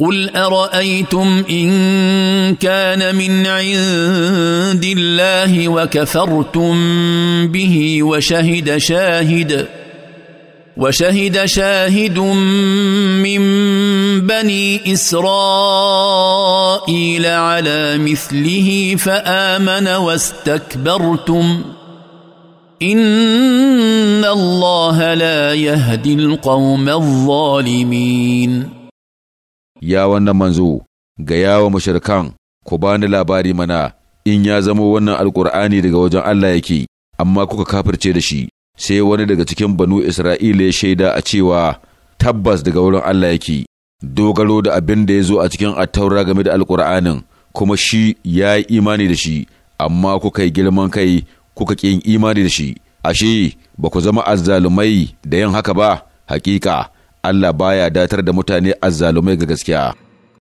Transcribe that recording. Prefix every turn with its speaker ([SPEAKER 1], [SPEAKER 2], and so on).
[SPEAKER 1] قل ارايتم ان كان من عند الله وكفرتم به وشهد شاهد وشهد شاهد من بني اسرائيل على مثله فامن واستكبرتم ان الله لا يهدي القوم الظالمين
[SPEAKER 2] ya wannan manzo ga yawa mashirkan ku bani labari mana in ya zamo wannan alkur'ani daga wajen Allah yake amma kuka kafirce da shi sai wani daga cikin banu Isra'ila ya shaida a cewa tabbas daga wurin Allah yake dogaro da abin da ya zo a cikin attaura game da alkur'anin kuma shi ya yi imani da shi amma kuka yi girman kai kuka ƙin imani da shi ashe ba ku zama azzalumai da yin haka ba hakika Allah baya datar da mutane azzalumai ga
[SPEAKER 3] gaskiya.